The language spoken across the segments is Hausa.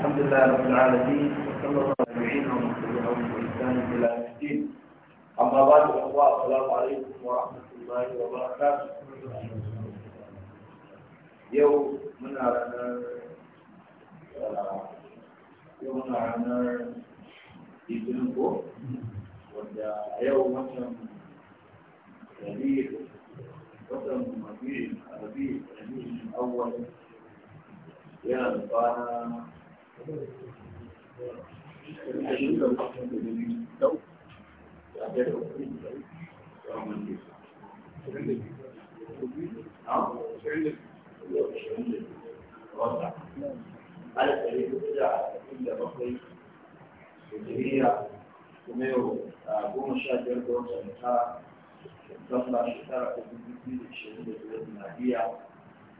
الحمد لله رب العالمين وصلى الله على ومن بإحسان إلى الدين أما بعد الأخوة السلام عليكم ورحمة الله وبركاته يوم من أنا يوم من في يبنكو ويوم مثلا ربيع مثلا ربيع ربيع أول يا ربنا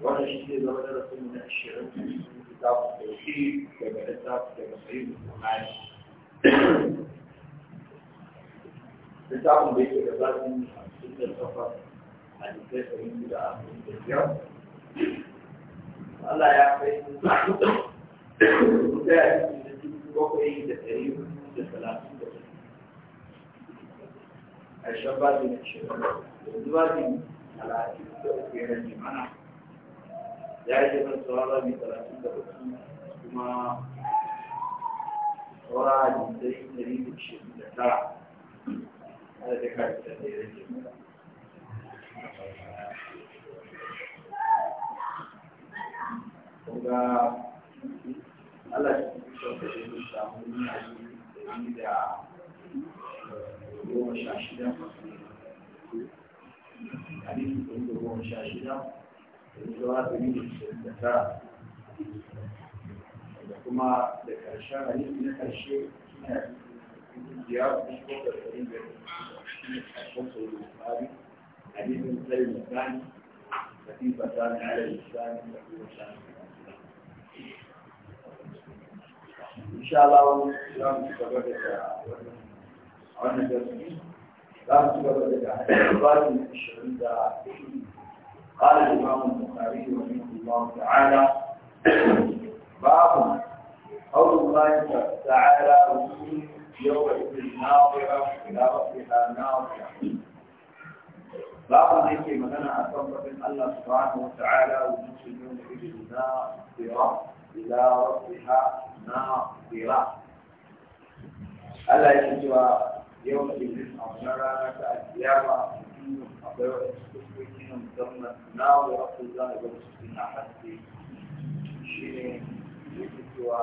wannan shi ne zama darasin na ashirin littafin tauhid daga littafin daga sahih bukhari littafin da yake da zafin hamsin da takwas a jikin sahih da hamsin da biyar Allah ya kai mu da ya yi da cikin bakwai da ɗari da ya ya yi kan saurara mai talatin da uku kuma saura a jindai ɗari da shirin da tara a da ka da ya rage kuma Allah ya fi shauka da ya samu nuna yi ɗari da goma sha shida a ɗari da goma sha shida da kuma da ƙarshen hadisi na ƙarshe suna ziyarar da shi da tsarin da shi ƙarshen sau da tsari hadisin tsarin misali da fi fasani ala misali da fi fasani insha Allah wani za mu ci gaba da wannan darasi za mu ci gaba da hadisi ba su 20 da قال الإمام البخاري رحمه الله تعالى باب قول الله تعالى يومئذ ناظرة إلى ربها ناظرة باب هيك مثلا أصبح من الله سبحانه وتعالى ومسلم يومئذ ناظرة إلى ربها ناظرة ألا يجي يومئذ أو نرى كالقيامة أبواب nan gwamna na wasu za a gwamna su na haske shi ne yake cewa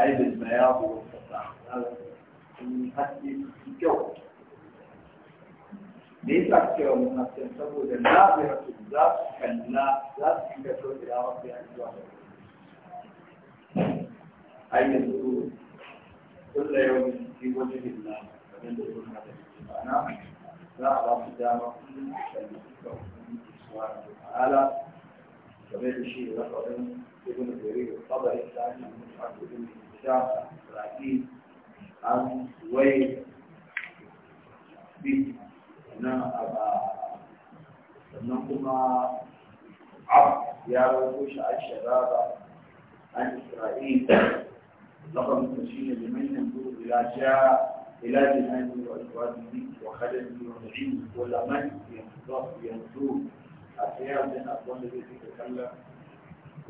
aibin na yawo kasa sun haske su kyau me yasa cewa mun haske saboda na zira su za su kalla za su yi da sau da wasu ya zuwa ai yanzu kulla yau ne wajen illa kamar da sun haɗa ma'ana za a ba su dama ta'ala game da shi da lafazin ibn jarir al-tabari ta hanyar mutuwa ibn hisham raqi an wai bi na aba sannan kuma ab ya rawo shi a sharaba an isra'il lafazin shi ne liman yanzu ila ja'a علاج الآن وأجواده وخلده ونعيمه والأمان ينصره أحياء من أقوال التي تتكلم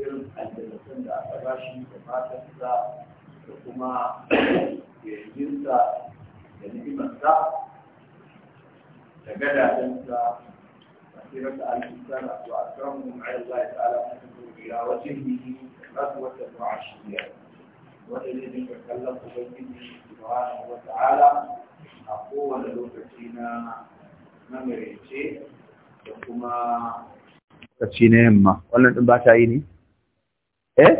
irin aljanatun da aka bashi da fatarsa da kuma yayinsa da ni'imarsa da gadajensa مسيرة الإنسان وأكرمهم على الله تعالى أنه إلى وجهه رسوة وعشية وإذن يتكلم بيته subhanahu wa ta'ala a kowane lokaci na mamarece da kuma lokaci na yamma wannan din ba ta yi ne eh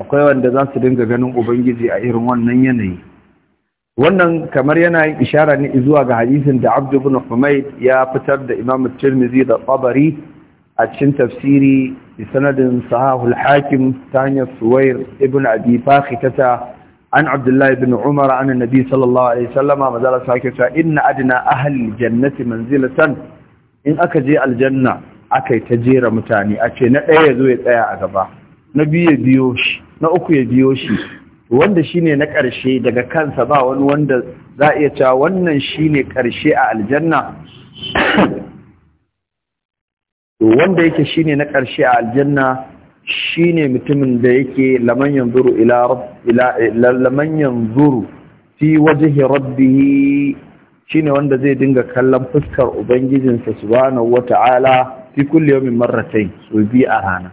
akwai wanda za su dinga ganin ubangiji a irin wannan yanayi wannan kamar yana yin ishara ne zuwa ga hadisin da Abd ibn Humayd ya fitar da Imam Tirmidhi da Tabari a cikin tafsiri بسند صحاه الحاكم ثاني الصوير ابن أبي فاختة عن عبد الله بن عمر عن النبي صلى الله عليه وسلم مدال ساكتا إن أدنى أهل الجنة منزلة إن أكجي الجنة أكي تجير متاني أكي نأي ذويت أي أغبا نبي يبيوش نأكو يبيوشي wanda shine na ƙarshe daga kansa ba wani wanda za a iya cewa wannan shine ƙarshe a aljanna wanda yake shine na ƙarshe a aljanna shine mutumin da yake laman yanzuru ila ila laman yanzuru fi wajhi rabbih shine wanda zai dinga kallon fuskar ubangijin sa subhanahu wata'ala fi kulli yawmin marratayn so bi a rana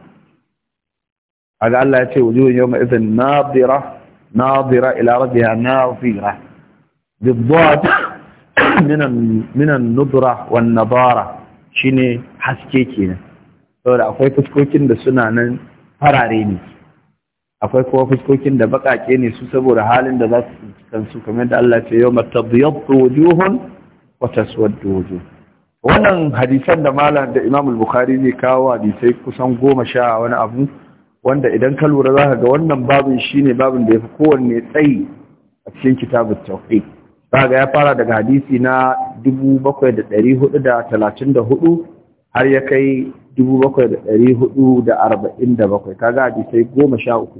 aga Allah ya ce wujuhun yawma idhan nadira nadira ila rabbiha nadira minan minan nudra wan nadara shine haske kenan saboda akwai fuskokin da suna nan farare ne akwai kuma fuskokin da bakake ne su saboda halin da za su su kamar da Allah ce yawma tabyaddu wujuhun wa taswaddu wujuh wannan hadisan da malam da Imam al-Bukhari ne kawo hadisai kusan goma sha wani abu wanda idan ka lura zaka ga wannan babin shine babin da ya fi kowanne tsayi a cikin kitabut tauhid ga ya fara daga hadisi na da da talatin hudu. har ya kai 7,447 kaga hadisai goma sha uku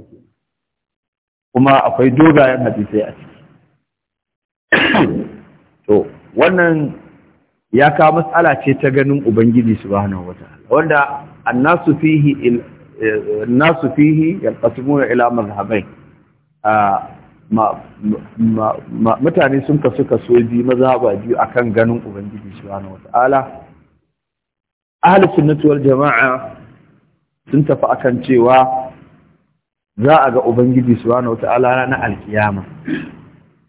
kuma akwai dogayen hadisai a ciki to wannan ya kawo matsala ce ta ganin ubangiji subhanahu wataala wanda annasu fihi annasu fihi yalqasimuna ila mazhabai mutane sun kasu kaso biyu mazhaba biyu akan ganin ubangiji subhanahu wataala ahli sunnati jama'a sun tafi akan cewa za a ga ubangiji subhanahu ta'ala na alkiyama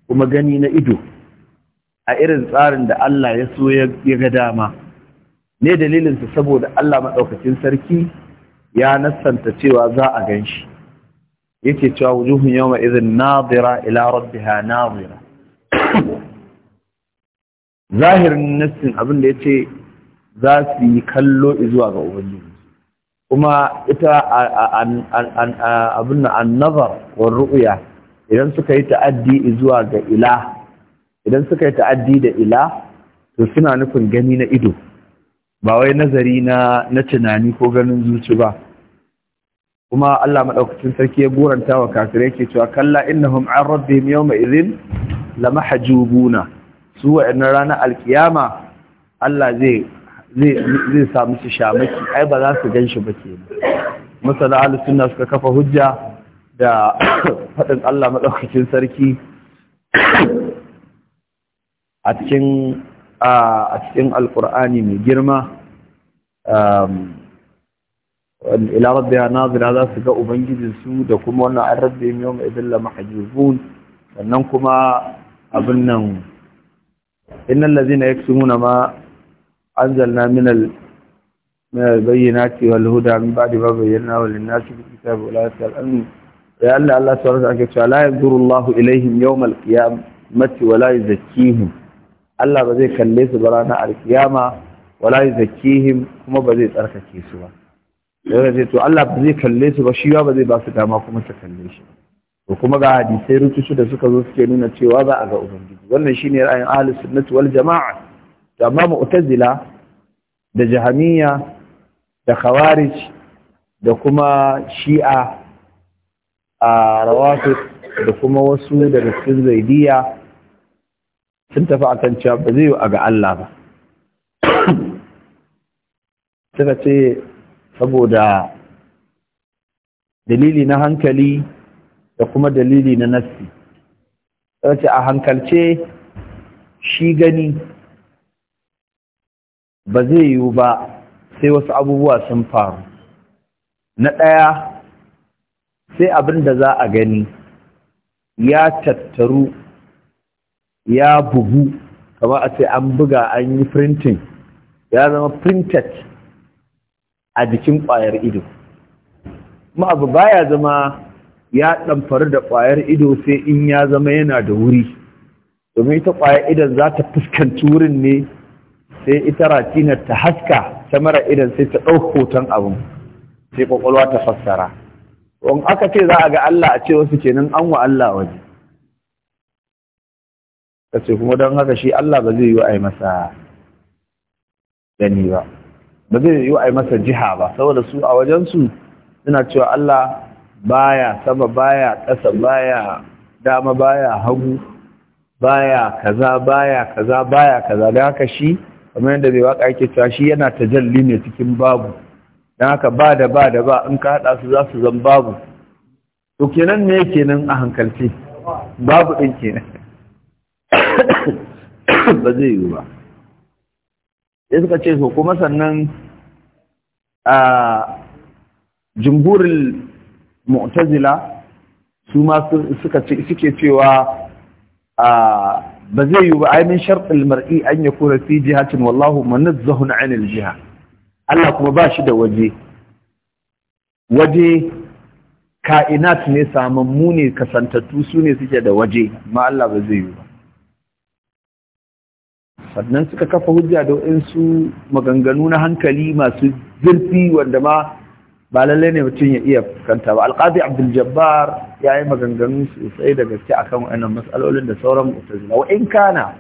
kuma gani na ido a irin tsarin da Allah ya so ya ga dama ne dalilinsa saboda Allah maɗaukacin sarki ya nassanta cewa za a gan shi yake cewa wujuhun yawma idhin nadira ila rabbiha nadira zahirin nassin abin da yace za su yi kallo zuwa ga ubangiji kuma ita abin na annabar wa ru'ya idan suka yi ta'addi zuwa ga ila idan suka yi ta'addi da ila to suna nufin gani na ido ba wai nazari na na tunani ko ganin zuci ba kuma Allah maɗaukacin sarki ya goranta wa kafirai ke cewa kalla innahum an rabbihim yawma idhin lamahjubuna su wa'annan ranar alkiyama Allah zai zai samu su shamaki ai ba za su gan shi ba ke masana alisunna suka kafa hujja da faɗin Allah maɗaukacin sarki a cikin a cikin alƙur'ani mai girma um, ila rabbiya nazira za su ga ubangijinsu da kuma wannan an rabbi yau mai idilla mahajjubun sannan kuma abin nan innan lazina ya ma أنزلنا من ال... من البينات والهدى من بعد ما بيناه للناس في الكتاب ولا يسأل يا الله الله سبحانه وتعالى لا ينظر الله إليهم يوم القيامة ولا يزكيهم Allah ba zai kalle su ba ranar alkiyama wala yuzakkihim kuma ba zai tsarkake su ba daga ce to Allah ba zai kalle su ba shi ba zai ba dama kuma ta kalle shi to kuma ga hadisai rututu da suka zo suke nuna cewa ba a ga ubangiji wannan shine ra'ayin ahlus sunnati wal jama'a amma mu'tazila da jahamiya da khawarij da kuma shi'a a rawafid da kuma wasu daga cikin zaidiya sun tafi akan cewa ba zai a ga Allah ba suka ce saboda dalili na hankali da kuma dalili na nassi suka ce a hankalce shi gani ba zai yiwu ba sai wasu abubuwa sun faru na ɗaya sai abin da za a gani ya tattaru ya bugu kamar a ce an buga an yi printing ya zama printed a jikin ƙwayar ido kuma abu baya zama ya ɗamfari da ƙwayar ido sai in ya zama yana da wuri domin ita ƙwayar idon za ta fuskanci wurin ne sai ita ratina ta haska ta mara idan sai ta ɗauk hoton abin sai ƙwaƙwalwa ta fassara Wani aka ce za a ga Allah a ce wasu kenan an wa Allah waje ka ce kuma don haka shi Allah ba zai yi wa masa gani ba ba zai yi wa masa jiha ba saboda su a wajensu suna cewa Allah baya sama baya ƙasa baya dama baya hagu baya kaza baya kaza baya kaza da haka shi kamar yadda bai waka yake cewa shi yana tajalli ne cikin babu don haka ba da ba da ba in ka haɗa su za su zan babu to kenan ne kenan a hankalce babu ɗin kenan ba zai yiwu ba sai suka ce so kuma sannan a jimburin mu'tazila su ma suke cewa a ba zai yi ba ainihin sharɗin mar'i an ya kura fi jihatin wallahu na anil jiha Allah kuma ba shi da waje waje ka'inat ne samun muni kasantattu su ne suke da waje ma Allah ba zai yi ba sannan suka kafa hujja da waɗansu maganganu na hankali masu zurfi wanda ma ba lalle ne mutum ya iya kanta ba alqadi abdul jabbar ya yi maganganu sosai da gaske akan wannan matsalolin da sauran mu'tazila wa in kana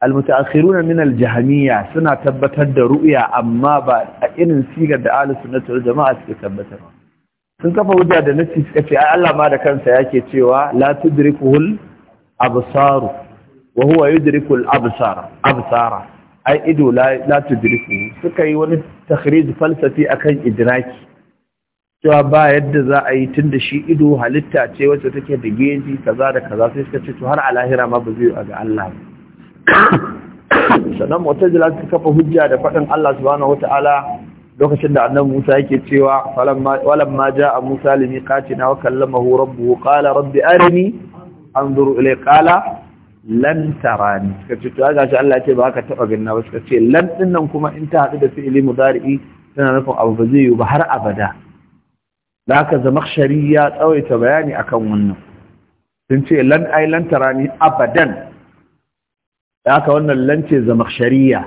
almutaakhiruna min aljahmiyya suna tabbatar da ru'ya amma ba a irin sigar da ahlus na wal jama'a suke tabbatar sun kafa hujja da nasi suka ce ai Allah ma da kansa yake cewa la tudrikuhul absaru wa huwa yudrikul absara absara ai ido la tudrikuhu suka yi wani takhrij falsafi akan idraki cewa ba yadda za a yi tun da shi ido halitta ce wacce take da geji kaza da kaza sai suka ce to har al'ahira ma ba zai a ga Allah ba. sannan mutajila suka kafa hujja da faɗin Allah subhanahu wata'ala lokacin da annabi Musa yake cewa Walam walamma jaa Musa limiqatina wa kallamahu rabbuhu qala rabbi arini anzur ilay qala lan tarani suka ce to ga shi Allah ce ba ka taba ganna ba suka ce lan dinnan kuma in ta hadu da fi'ili mudari'i tana nufin abu ba zai yi ba har abada da aka shari ya tsawaita bayani akan wannan sun ce lan ai lan abadan da aka wannan lan ce zamakshariya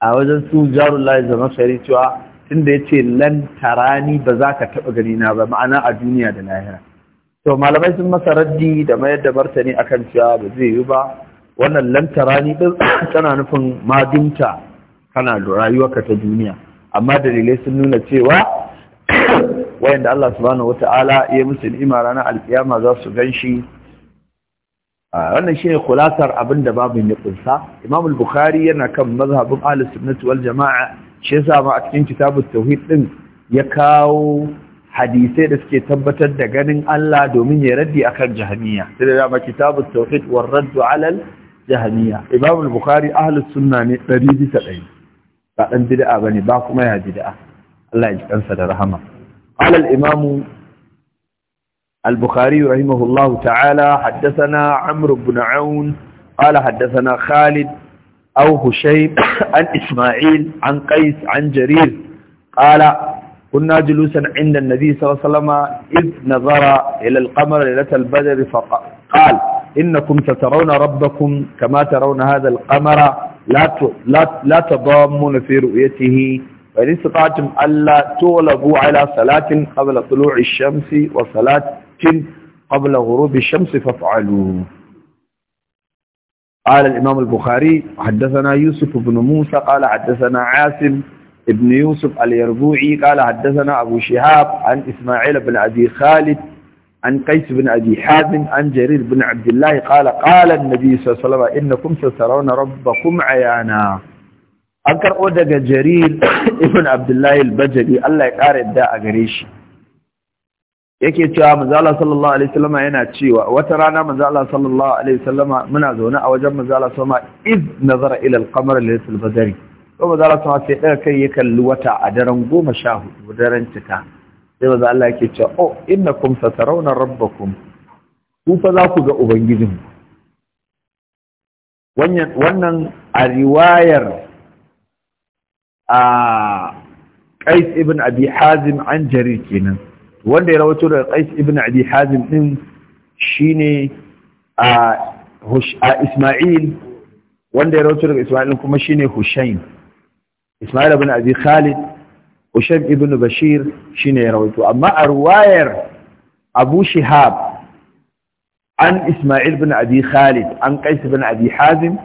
a wajen su zama shari cewa tunda ya ce lan rani ba za ka taɓa gani na ba ma'ana a duniya da lahira to malamai sun masa raddi da mayar da martani akan cewa ba zai yi ba wannan lan rani din tana nufin madumta kana da rayuwarka ta duniya amma dalilai sun nuna cewa wayanda Allah subhanahu wata'ala ya musu ni'ima ranar alkiyama za su ganshi wannan shine khulasar abinda babu ya kunsa Imam al-Bukhari yana kan mazhabin Ahlus Sunnah wal Jama'a shi yasa ma a cikin kitabut tauhid din ya kawo hadisai da suke tabbatar da ganin Allah domin ya raddi akan jahmiya sai da ma kitabut tauhid war radd ala jahmiya Imam al-Bukhari Ahlus Sunnah ne 100% ba dan bid'a bane ba kuma ya bid'a Allah ya ji kansa da rahama قال الإمام البخاري رحمه الله تعالى حدثنا عمرو بن عون قال حدثنا خالد أو هشيم عن إسماعيل عن قيس عن جرير قال كنا جلوسا عند النبي صلى الله عليه وسلم إذ نظر إلى القمر ليلة البدر فقال إنكم سترون ربكم كما ترون هذا القمر لا لا تضامون في رؤيته فإن استطعتم ألا تغلبوا على صلاة قبل طلوع الشمس وصلاة قبل غروب الشمس فافعلوا قال الإمام البخاري حدثنا يوسف بن موسى قال حدثنا عاصم ابن يوسف اليربوعي قال حدثنا أبو شهاب عن إسماعيل بن أبي خالد عن قيس بن أبي حازم عن جرير بن عبد الله قال قال النبي صلى الله عليه وسلم إنكم سترون ربكم عيانا an karɓo daga jarir ibn abdullahi al-bajali Allah ya ƙara yadda a gare shi yake cewa manzala sallallahu alaihi wasallama yana cewa wata rana manzala sallallahu alaihi wasallama muna zaune a wajen manzala sallama iz nazara ila al-qamar laylatul badri to manzala sallama sai daga kai ya kalli wata a daren 14 daren cika sai manzo Allah yake cewa oh innakum satarawna rabbakum ku fa za ku ga Ubangijin? wannan a riwayar a qais ibn abi hazim an jarir kenan wanda ya rawaito daga qais ibn abi hazim din shine a isma'il wanda ya rawaito daga isma'il kuma shine hushain isma'il ibn abi khalid hushain ibn bashir shine ya rawaito amma a ruwayar abu shihab an isma'il ibn abi khalid an qais ibn abi hazim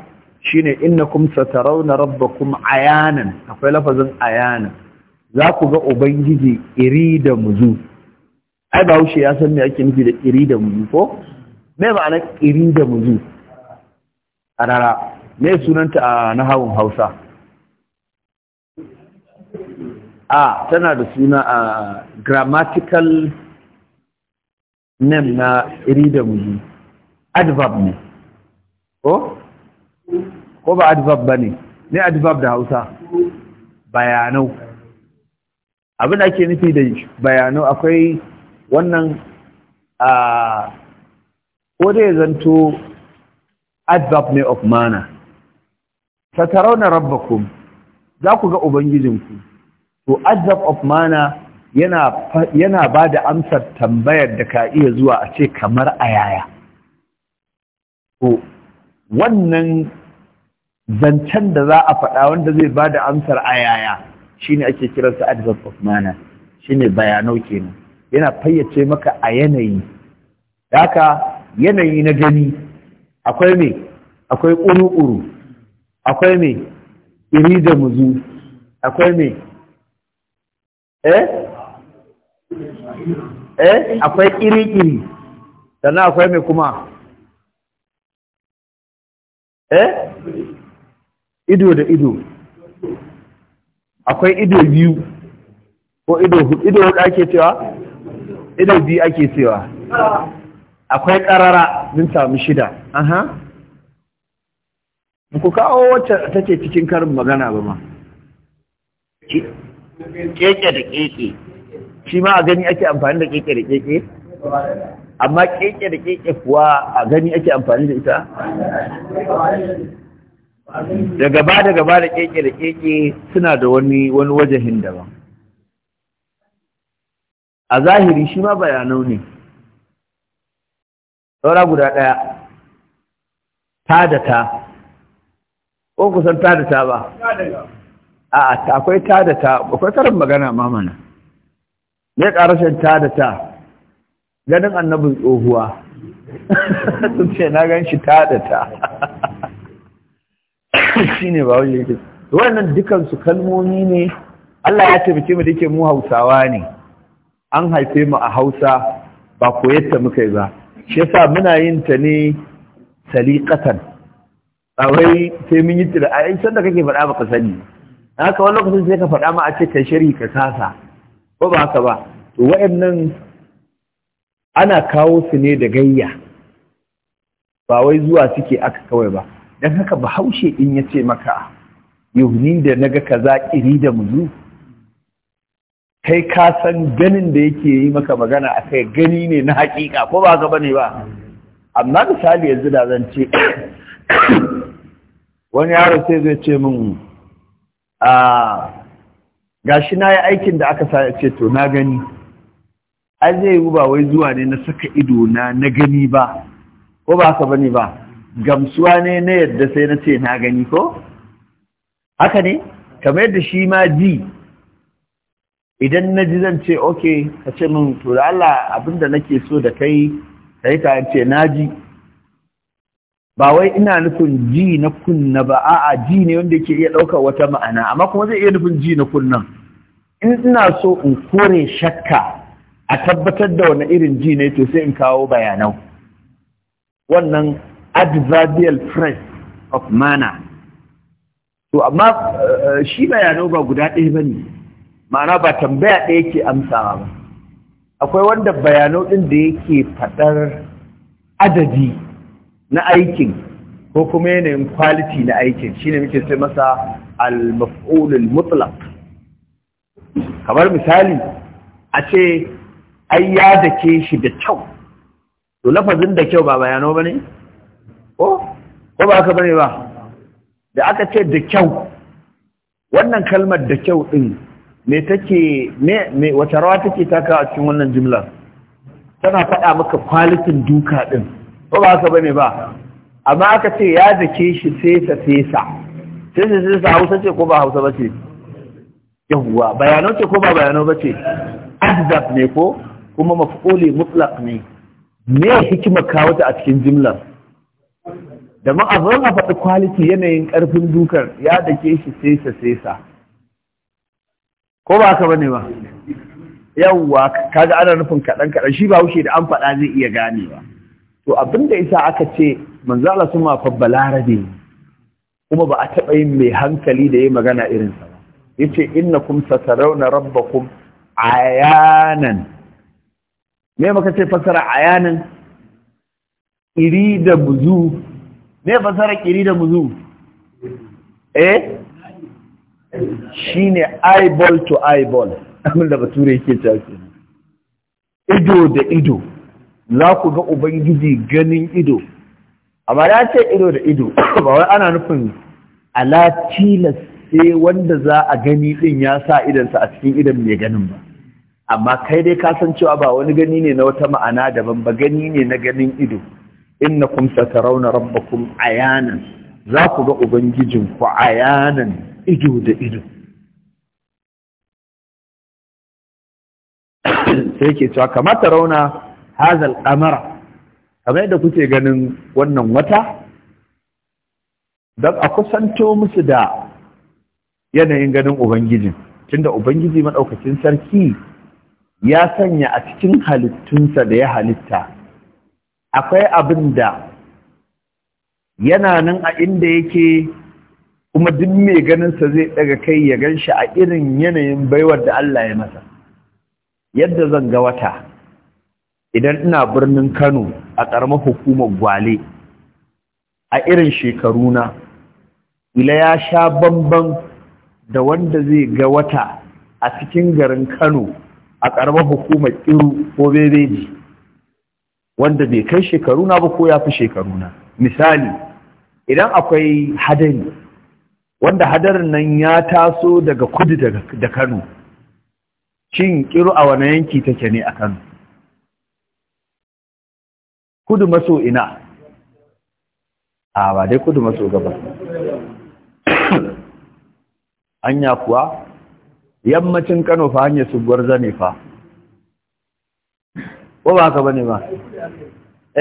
shine rabba kuma a ayanan akwai lafazin ayanan za ku ga ubangiji iri da muzu ai ba wuce ya san me ake nufi da iri da muzu ko me ma'anar iri da muzu a rara me sunanta a nahawun hausa a tana da suna a grammatical name na iri da muzu adverb ne ko ko ba adverb ba ne ne adverb da hausa bayanau abin ake nufi da bayanau akwai wannan a ko ya zanto adverb ne of mana satarauna rabbakum za ku ga ubangijinku to adverb of mana yana yana ba da amsar tambayar da ka iya zuwa a ce kamar a yaya to wannan zancen da za a faɗa wanda zai ba da amsar a yaya shi ne ake kiransa advert of shi ne bayanau kenan yana fayyace maka a yanayi haka yanayi na gani akwai me akwai uru-uru, akwai me iri da muzu akwai me eh eh akwai iri-iri sannan akwai me kuma eh ido da ido akwai ido biyu ko ido ido hudu ake cewa ido biyu ake cewa akwai karara mun samu shida aha ku kawo wacce take cikin karin magana ba ma keke da keke shi ma a gani ake amfani da keke da keke amma keke da keke kuwa a gani ake amfani da ita da gaba da gaba da keke da keke suna da wani wani wajahin daban a zahiri shi ma bayanau ne saura guda ɗaya ta da ta ko kusan ta da ta ba a akwai ta da ta akwai karin magana mamana ne ƙarashin ta da ta ganin annabin tsohuwa sun ce na gan shi ta da ta ne ba wani yake wannan dukan kalmomi ne Allah ya taimake mu da yake mu Hausawa ne an haife mu a Hausa ba koyarta muka yi ba shi yasa muna yin ta ne saliqatan wai sai mun yi tira ai san da kake faɗa baka sani haka wani lokacin sai ka faɗa ma a ce ka shiri ka kasa ko ba haka ba to wa'annan ana kawo su ne da gayya ba wai zuwa suke aka kawai ba don haka bahaushe in ya ce maka yau ni da naga kaza iri da muzu kai ka san ganin da yake yi maka magana a kai gani ne na hakika ko ba ka bane ba amma misali yanzu da zan ce wani yaro sai zai ce min a gashi na yi aikin da aka sa ce to na gani an zai yi ba wai zuwa ne na saka ido na na gani ba ko ba ka bane ba gamsuwa ne na yadda sai na ce na gani ko haka ne kamar yadda shi ma ji idan na ji zan ce ok ka ce min to da Allah abinda nake so da kai yi kayan ce na ji ba wai ina nufin ji na kunna ba a'a ji ne wanda ke iya ɗaukar wata ma'ana amma kuma zai iya nufin ji na kunnan in ina so in kore shakka a tabbatar da wani irin ji ne to sai in kawo bayanau wannan adverbial phrase of manner to amma eh, shi bayanau ba guda ɗaya ba ne ma'ana ba tambaya ɗaya ke amsawa ba akwai wanda bayanau ɗin da yake faɗar adadi na aikin ko kuma yanayin kwaliti na aikin shi ne muke sai masa al-maf'ulul mutlaq kamar misali a ce ai ya dake shi da kyau to lafazin da kyau ba bayanau bane ko ko ba ka bane ba da aka ce da kyau wannan kalmar da kyau din me take me me wata rawa take taka a cikin wannan jimlar tana faɗa maka kwalitin duka din ko ba ka bane ba amma aka ce ya dake shi sesa sesa sesa sesa hausa ce ko ba hausa ba ce yawwa bayanau ce ko ba bayanau ba ce azzab ne ko kuma maf'uli mutlaq ne me hikimar kawo ta a cikin jimlar da ma a faɗi kwaliti yanayin ƙarfin dukar ya dake shi sesa sesa ko ba haka bane ba yawwa kaga ana nufin kaɗan kaɗan shi ba wuce da an faɗa zai iya gane ba. to abin da isa aka ce manzo Allah sun mafa balarabe kuma ba a taɓa yin mai hankali da ya magana irinsa ba yace innakum satarawna rabbakum ayanan me muka ce fasara ayanan iri da buzu me fasara kiri da muzu eh shine eyeball to eyeball abin da bature yake cewa ido da ido za ku ga ubangiji ganin ido amma ya ce ido da ido ba wai ana nufin ala tilas sai wanda za a gani din ya sa idansa a cikin idan mai ganin ba amma kai dai ka san cewa ba wani gani ne na wata ma'ana daban ba gani ne na ganin ido innakum satarawna rabbakum ayanan za ku ga Ubangijin ku ayanan ido da ido sai ke cewa kamata rauna hazal kamara kamar yadda kuke ganin wannan wata don a kusanto musu da yanayin ganin ubangijin tunda ubangiji maɗaukacin sarki ya sanya a cikin halittunsa da ya halitta akwai abin da yana nan a inda yake kuma duk mai ganinsa zai daga kai ya gan shi a irin yanayin baiwar da Allah ya masa yadda zan ga wata idan ina birnin Kano a ƙaramar hukumar Gwale a irin shekaruna ila ya sha bamban da wanda zai ga wata a cikin garin Kano a ƙaramar hukumar Iru ko Bebeji wanda bai kai shekaru na ba ko ya fi na. misali idan akwai hadari wanda hadarin nan ya taso daga kudu da kano shin kiru a wani yanki take ne a kano kudu maso ina a ba dai kudu maso gaba anya kuwa yammacin kano fa hanyar su gwarza ne fa ko ba haka bane ba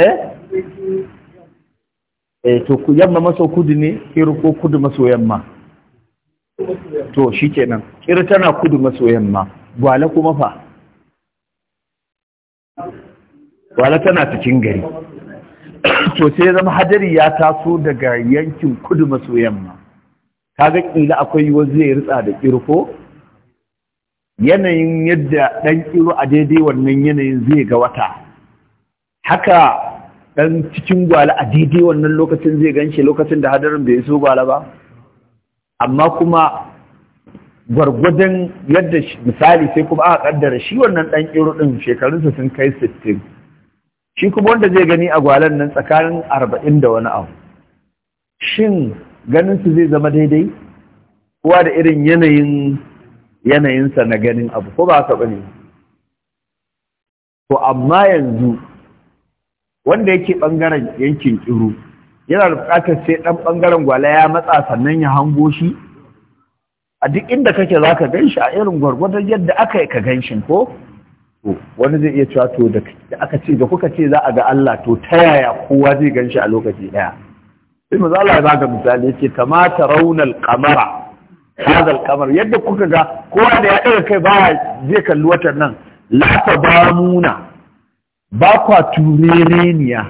eh eh to yamma maso kudu ne kiru ko kudu maso yamma to shikenan kir tana kudu maso yamma gwala kuma fa gwala tana cikin gari to sai zama hadari ya taso daga yankin kudu maso yamma kaga kila akwai yiwuwar zai ritsa da kirko yanayin yadda ɗan ƙiro a daidai wannan yanayin zai ga wata haka ɗan cikin gwala a daidai wannan lokacin zai ganshi lokacin da hadarin bai so gwala ba amma kuma gwargwadon yadda misali sai kuma aka kaddara shi wannan ɗan ƙiro ɗin shekarunsa sun kai sittin shi kuma wanda zai gani a gwalan nan tsakanin arba'in da wani abu shin ganinsu zai zama daidai kowa da irin yanayin yanayinsa na ganin abu ko ba ka to amma yanzu wanda yake ɓangaren yankin ƙiru yana da buƙatar sai ɗan ɓangaren gwala ya matsa sannan ya hango shi a duk inda kake za zaka ganshi a irin gwargwadon yadda aka yi ka ganshin ko wani zai iya cewa to da aka ce da kuka ce za a ga Allah to ta yaya kowa zai ganshi a lokaci ɗaya? sai maza Allah ya misali yake kamata raunar kamara. hadal kamar yadda kuka ga kowa da ya ɗaga kai baya zai kalli watan nan la ta ba muna ba kwa turereniya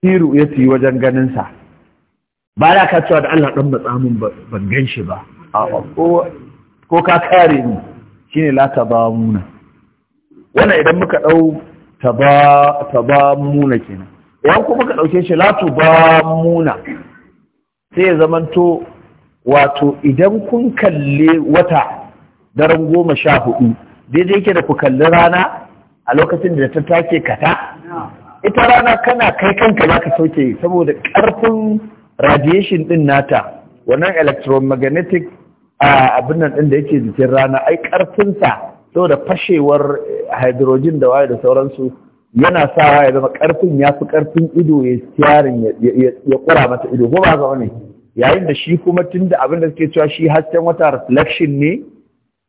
siru ya siyi wajen ganinsa ba da ka cewa da Allah ɗan matsa mun ban gan shi ba ko ka kare ni shine la ta ba muna wannan idan muka ɗau ta ba muna kenan idan kuma ka ɗauke shi la ta ba muna sai ya zamanto wato idan kun kalle wata daren goma sha hudu daidai ke da ku kalli rana a lokacin da ta take kata ita rana kana kai kanka za ka sauke saboda ƙarfin radiation ɗin nata wannan electromagnetic abin nan ɗin da yake jikin rana ai ƙarfinsa saboda fashewar eh, hydrogen da waye da sauransu yana sawa ya zama ƙarfin ya fi ƙarfin ido ya tsarin ya ƙura mata ido ko ba haka wani yayin da shi kuma tunda abin da suke cewa shi hasken wata reflection ne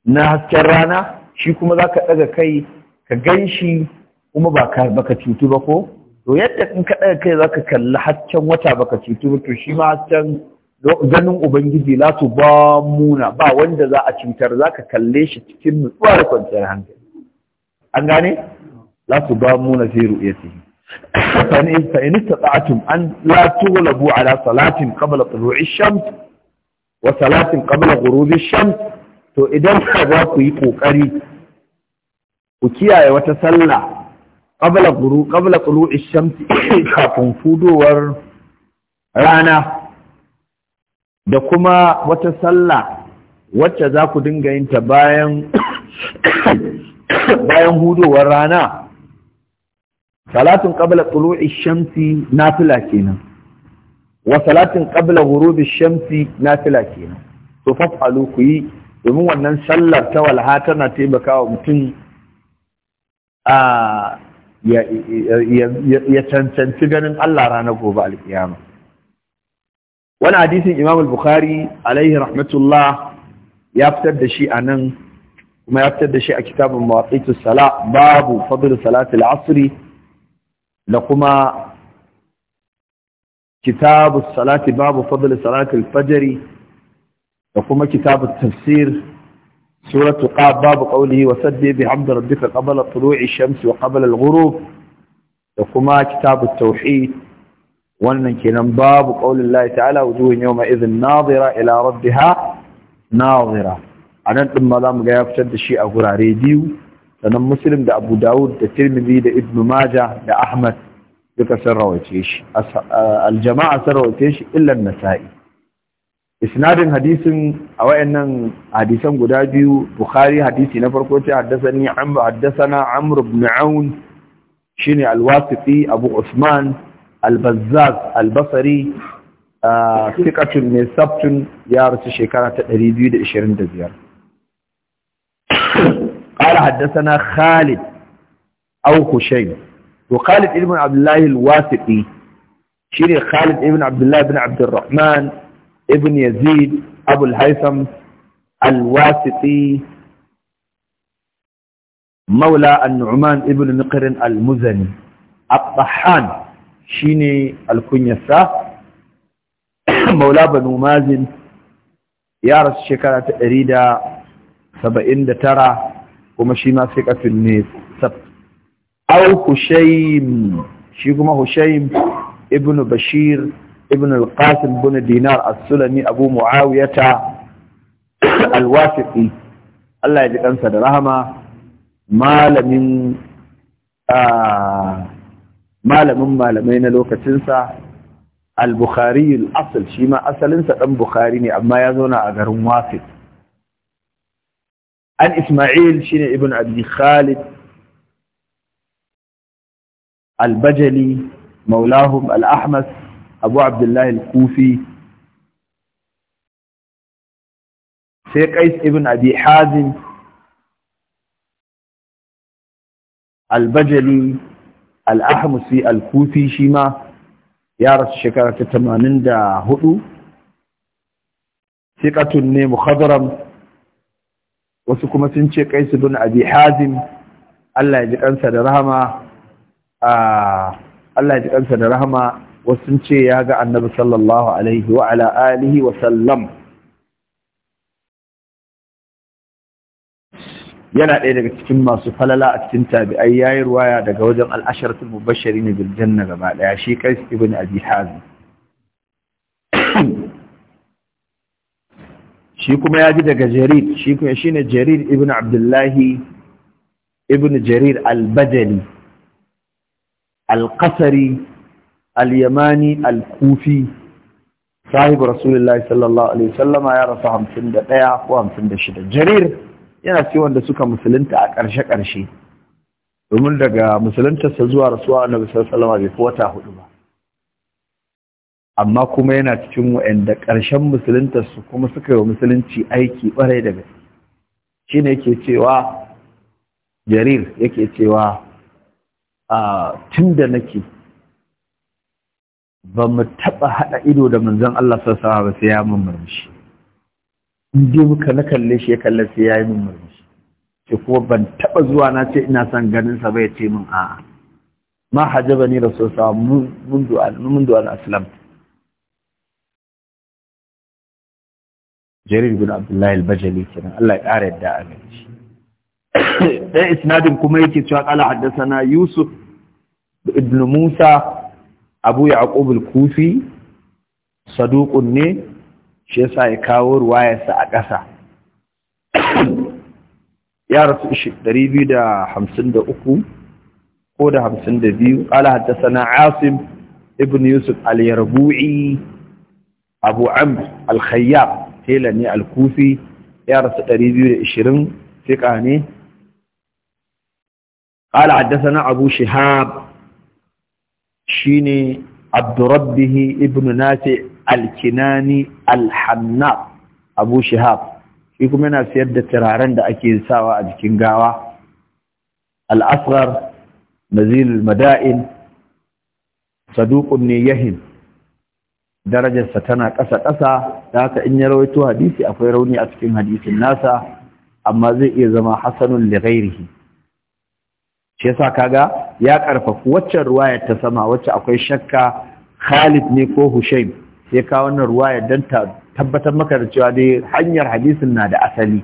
na hasken rana shi kuma za ka ɗaga kai ka gan shi kuma ba ka cutu ba ko to yadda in ka ɗaga kai za ka kalli hasken wata ba ka cutu ba to shi ma hasken ganin ubangiji la su ba muna ba wanda za a cutar za ka kalle shi cikin nutsuwa da kwanciyar hankali an gane la su ba muna fi فإن استطعتم أن لا تغلبوا على صلاة قبل طلوع الشمس وصلاة to idan ka za ku ƙoƙari ku kiyaye wata kafin fudowar rana da kuma wata sallah wacce za ku dinga yin bayan bayan hudowar rana salatun qabla tulu'i shamsi nafila kenan wa salatin qabla ghurubi shamsi nafila kenan to fa'alu ku yi domin wannan sallar ta walha tana taimakawa mutum a ya cancanci ganin Allah ranar gobe alkiyama wani hadisin imam al-bukhari alaihi rahmatullah ya fitar da shi a nan kuma ya fitar da shi a kitabun mawaƙitu sala babu fadl salati al-asri da kuma kitabu salati babu fadl salati al-fajr da kuma kitabu tafsir suratu qaf babu qawlihi wa sabbi bihamdi rabbika qabla tulu'i ash-shams wa qabla al-ghurub da kuma kitabu tauhid wannan kenan babu qaulillahi ta'ala wujuhun yawma idhin nadira ila rabbiha nadira anan din ma zamu ga ya fitar da shi a gurare biyu sannan muslim da abu dawud da tirmidhi da ibn maja da ahmad duka sun rawace shi uh, aljama'a sun rawace shi illan nasa'i isnadin hadisin a wayannan hadisan guda biyu bukhari hadisi na farko ce haddasani amr haddasana amr ibn aun shine alwasiti abu usman albazzaz albasri uh, thiqatun min sabtun ya rasu shekara ta 225 قال حدثنا خالد أو خشيم وخالد ابن عبد الله الواثقي شيري خالد ابن عبد الله بن عبد الرحمن ابن يزيد أبو الهيثم الواثقي مولى النعمان ابن نقر المزني الطحان شيني الكنيسة مولى بنو مازن يارس شكرة أريد سبعين ترى kuma shi ma fiƙatun ne sab au hushaim shi kuma hushaim ibn bashir ibn al-qasim ibn dinar as-sulami abu muawiyata al-wasiqi Allah ya ji kansa da rahama malamin malamin malamai na lokacinsa al-bukhari al-asl shi ma asalinsa dan bukhari ne amma ya zauna a garin wasiq an Ismail shine ibn Abi Khalid al-Bajali maulahum al-Ahmas Abu Abdullah al-Kufi sai Qais ibn Abi Hazim al-Bajali al-Ahmasi al-Kufi shima ya rasu shekara ta tamanin da 84 ثقة ne mukhadaram wasu kuma sun ce qais ibn abi hazim Allah ya ji kansa da rahama Allah ya ji kansa da rahama wasu sun ce ya ga annabi sallallahu alaihi wa ala alihi wa sallam yana ɗaya daga cikin masu falala a cikin tabi'ai yayi ruwaya daga wajen al-asharatul mubashirin bil janna gaba ɗaya shi qais ibn abi hazim shi kuma ya ji daga jarir shi kuma shi jarir ibn abdullahi ibn jarir al-bajali al-qasari al-yamani al-kufi sahibu rasulullahi sallallahu alaihi wasallama ya rasu hamsin da ɗaya ko hamsin da shida jarir yana ce wanda suka musulunta a ƙarshe-ƙarshe domin daga musuluntarsa zuwa rasuwa annabi sallallahu alaihi wasallama bai fi wata hudu ba amma kuma yana cikin wa'anda ƙarshen musuluntarsu kuma suka yi wa musulunci aiki ɓarai da gaske shi ne yake cewa jarir yake cewa tun da nake ba mu taɓa haɗa ido da manzon Allah sassawa ba sai ya mun murmushi in muka na kalle shi ya kalle sai ya yi mun murmushi ce kuma ban taɓa zuwa na ce ina son ganin sa ba ya ce min a'a ma hajjaba ni da sassawa mundu al jarir bin abdullahi al-bajali kenan Allah ya ƙara yadda a gare dan isnadin kuma yake cewa qala haddathana yusuf ibn musa abu yaqub al-kufi saduqun ne shi yasa ya kawo ruwayarsa a ƙasa ya rasu 253 ko da 52 qala haddathana asim ibn yusuf al-yarbu'i abu amr al-khayyab tela Al-Kufi, ya rasu 220 fika ne ƙala haddasa na abu shihab shi ne abdurabbihi ibn nafi alkinani alhanna abu shihab shi kuma yana sayar da turaren da ake sawa a jikin gawa al al'asar nazil madain saduƙun ne yahin darajarsa tana ƙasa-ƙasa da haka in ya rawaito hadisi akwai rauni a cikin hadisin nasa amma zai iya zama hasanun lighairihi shi yasa kaga ya karfafa waccan ruwayar ta sama wacce akwai shakka Khalid ne ko Hushaim sai ka wannan ruwayar dan ta tabbatar maka da cewa dai hanyar hadisin na da asali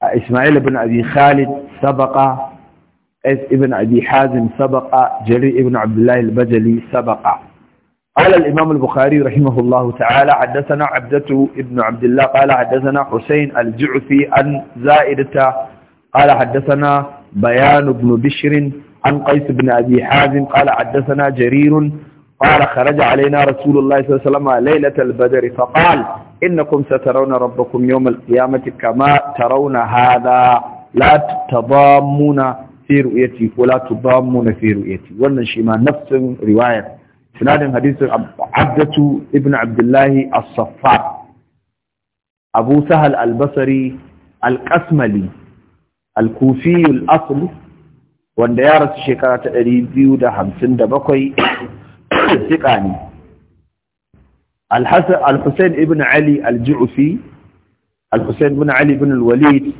A Ismail bin Abi Khalid sabaqa قيس ابن أبي حازم سبق جرير ابن عبد الله البجلي سبق قال الإمام البخاري رحمه الله تعالى حدثنا عبدته ابن عبد الله قال حدثنا حسين الجعفي عن زائدة قال حدثنا بيان بن بشر عن قيس بن أبي حازم قال حدثنا جرير قال خرج علينا رسول الله صلى الله عليه وسلم ليلة البدر فقال إنكم سترون ربكم يوم القيامة كما ترون هذا لا تضامون في رؤيتي ولا تضامون في رؤيتي وانا شيما نفس رواية سنادي حديث عبدة ابن عبد الله الصفار ابو سهل البصري القسملي الكوفي الاصل وان ديارت شكرة الريبيو دا حمسن دا بقوي سقاني الحسن ابن علي الجعفي الحسين بن علي بن الوليد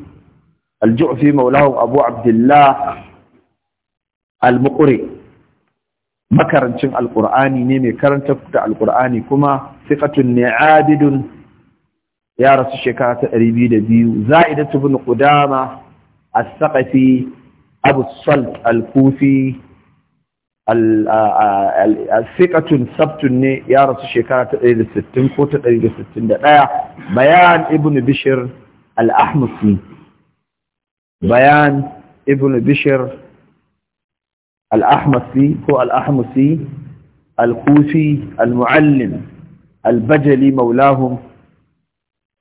الجعفي مولاه أبو عبد الله المقري makarancin alkur'ani ne mai karanta da alkur'ani kuma sifatun ne abidun ya rasu shekara ta ɗari biyu da biyu za'ida tubin kudama a saƙafi abu salt alkufi siƙatun ya rasu shekara ta ɗari da sittin ko ɗari da sittin da ɗaya bayan ibn bishir al-ahmusi بيان ابن بشر الأحمسي هو الأحمسي الكوفي المعلم البجلي مولاهم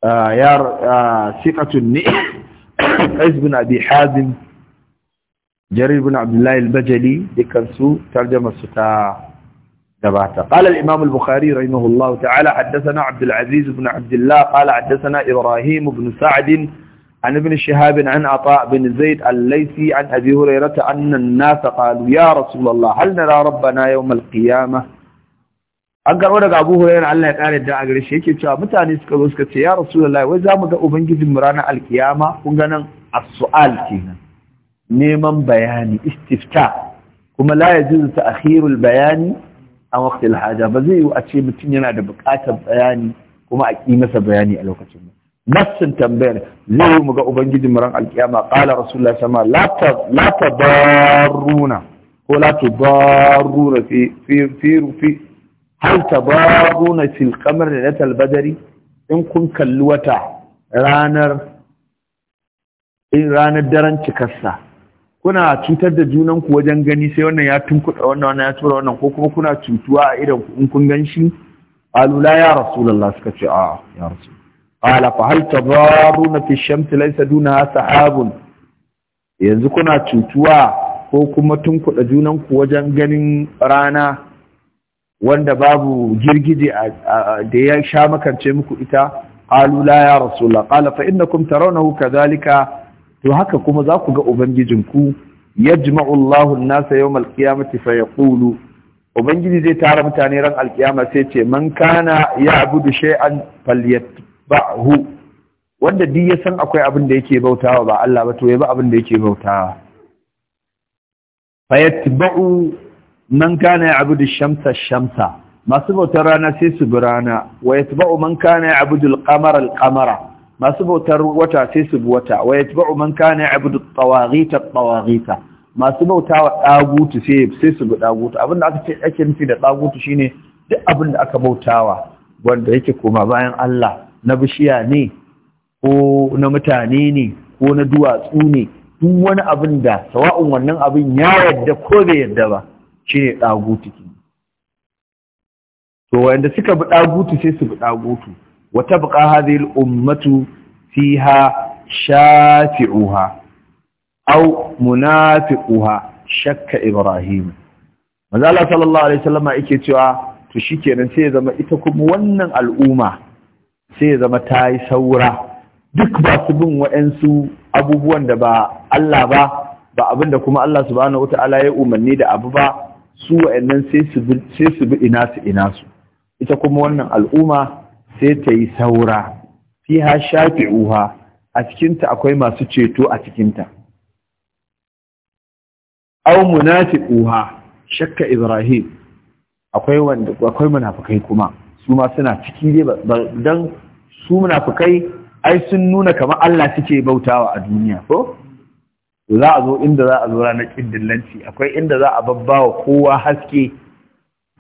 آه، يا آه، ثقه آه عز بن أبي حازم جرير بن عبد الله البجلي لكنسو ترجمة ستا دباتا قال الإمام البخاري رحمه الله تعالى حدثنا عبد العزيز بن عبد الله قال حدثنا إبراهيم بن سعد عن ابن شهاب عن عطاء بن زيد الليثي عن أبي هريرة أن الناس قالوا يا رسول الله هل نرى ربنا يوم القيامة أقر ورق أبو هريرة الله يتعالى الدعاء قال الشيء كتاب متاني سكبوس كتاب يا رسول الله وإذا مدى أبنجد مرانا القيامة ونغنى السؤال كينا نيمان بياني استفتاء kuma la ya jizu ta akhirul bayani a waktil haja ba zai yi a ce mutum yana da bukatar bayani kuma a ƙi masa bayani a lokacin nassin tambayar zai yi muga ubangiji muran alkiyama qala rasulullah sama la ta la ko la tubarruna fi fi fi fi hal tabarruna fil qamar lailatul badri in kun kalli wata ranar in ranar daren cikarsa kuna cutar da junan ku wajen gani sai wannan ya tunkuɗa wannan wannan ya tura wannan ko kuma kuna cutuwa a idan kun gan shi alula ya rasulullah suka ce a ya rasul qala fa hal tadaruna fi shamsi laysa dunaha sahabun yanzu kuna cutuwa ko kuma tun kuɗa junan ku wajen ganin rana wanda babu girgije da ya sha makance muku ita qalu la ya rasulullah qala fa innakum tarawnahu kadhalika to haka kuma za ku ga ubangijinku yajma'u Allahu an-nasa yawm al-qiyamati fa yaqulu ubangiji zai tara mutane ran alkiyama sai ce man kana ya'budu shay'an Ba hu! wanda duk ya san akwai abin da yake bautawa ba Allah ba to ya ba abin da yake bautawa fayatba'u man kana ya'budu shamsa shamsa masu bautar rana sai su bi rana wa yatba'u man kana ya'budu al-qamara al-qamara masu bautar wata sai su bi wata wa yatba'u man kana ya'budu at-tawaghita at-tawaghita masu bautawa dagutu sai sai su bi dagutu abinda aka ce ake nufi da dagutu shine duk abin da aka bautawa wanda yake koma bayan Allah na bishiya ne ko na mutane ne ko na duwatsu ne duk wani abin da sawa'un wannan abin ya yadda ko bai yadda ba shi ne ɗagutu to wanda suka bi ɗagutu sai su bi ɗagutu wata buƙa hadhihi ummatu fiha shafi'uha aw munafiquha shakka ibrahim manzo Allah sallallahu alaihi wasallama yake cewa to shikenan sai ya zama ita kuma wannan al'umma sai ya zama ta yi saura duk ba su bin waɗansu abubuwan da ba Allah ba ba abin da kuma Allah subhanahu wata'ala ya umarni da abu ba su waɗannan sai su bi ina su ina su ita kuma wannan al'umma sai ta yi saura fiha uha? a cikinta akwai masu ceto a cikinta aw munafiquha shakka ibrahim akwai wanda akwai munafikai kuma su ma suna ciki dai don su munafukai ai sun nuna kamar Allah suke bautawa a duniya ko za a zo inda za a zo ranar ƙiddillanci akwai inda za a babbawa kowa haske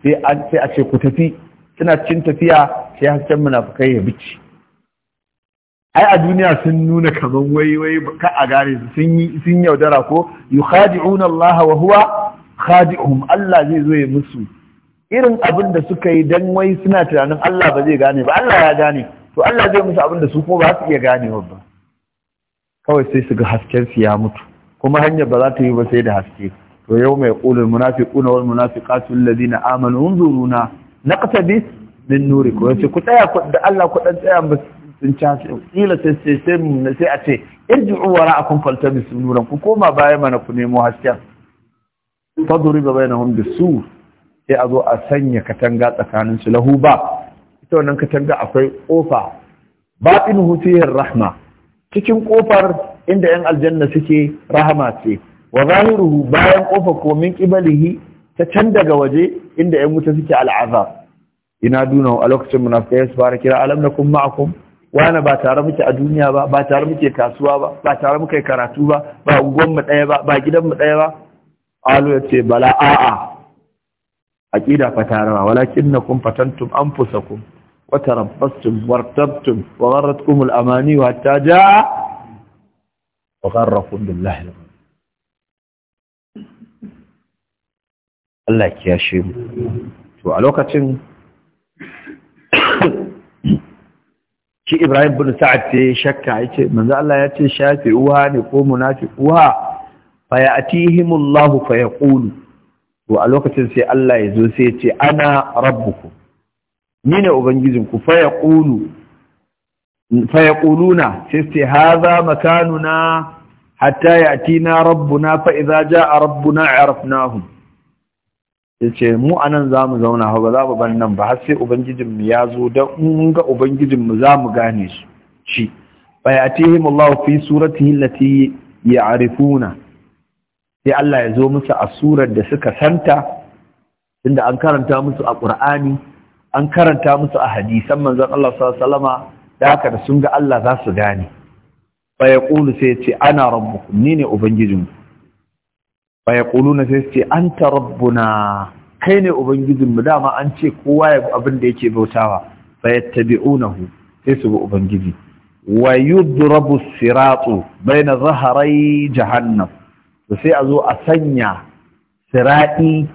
sai a ce ku tafi suna cin tafiya sai hasken munafukai ya bici ai a duniya sun nuna kamar wai wai ka a gane su sun yi sun yaudara ko yukhadi'una Allah wa huwa khadi'uhum Allah zai zo ya musu irin abin da suka yi dan wai suna tunanin Allah ba zai gane ba Allah ya gane to Allah zai musu abin da su kuma ba su iya gane ba kawai sai su ga hasken su ya mutu kuma hanyar ba za ta yi ba sai da haske to yau mai kulul munafiquna wal munafiqatu alladhina amanu unzuruna naqtabi min nuri. ko sai ku tsaya ku da Allah ku dan tsaya sun ci kila sai sai sai a ce irji'u wara'akum faltabisu nuran ku koma baya mana ku nemo hasken fadriba bainahum bisur sai a zo a sanya katanga tsakanin su lahu ba ita wannan katanga akwai kofa inu hutiyar rahma cikin kofar inda yan aljanna suke rahama ce wa zahiruhu bayan kofa ko min qibalihi ta can daga waje inda yan wuta suke al'azab ina duna a lokacin munafikai su fara kira alam na nakum ma'akum wani ba tare muke a duniya ba ba tare muke kasuwa ba ba tare muke karatu ba ba unguwanmu ɗaya ba ba gidanmu ɗaya ba alu ya ce bala a'a aqida fatarawa walakinnakum fatantum anfusakum wa tarabbastum wartabtum wa gharratkum al-amani wa hatta jaa wa gharrakum billahi Allah ya kiyashe mu to a lokacin shi Ibrahim bin Sa'ad ce shakka yace manzo Allah ya ce shafi uwa ne ko munafiquha fa ya'tihimullahu fa yaqulu to a lokacin sai Allah ya zo sai ya ce ana rabbuku ni ne ku fa yaqulu fa yaquluna sai sai hadha makanuna hatta yatina rabbuna fa idza jaa rabbuna arafnahum yace mu anan zamu zauna ha ba za mu ban nan ba har sai ubangijin mu ya zo da mun ga ubangijin mu zamu gane shi shi bayatihim Allah fi suratihi allati ya'rifuna sai Allah ya zo musu a surar da suka santa inda an karanta musu a ƙur'ani an karanta musu a hadisan manzan Allah sallallahu da haka da sun ga Allah za su gane fa ƙulu sai ce ana rabbukum ni ne Ubangijin fa na sai ce anta rabbuna kai ne Ubangijin mu, dama an ce kowa ya abin da yake bautawa fa unahu sai su bi ubangiji wa yudrabu siratu baina zaharai jahannam to sai a zo a sanya siraɗi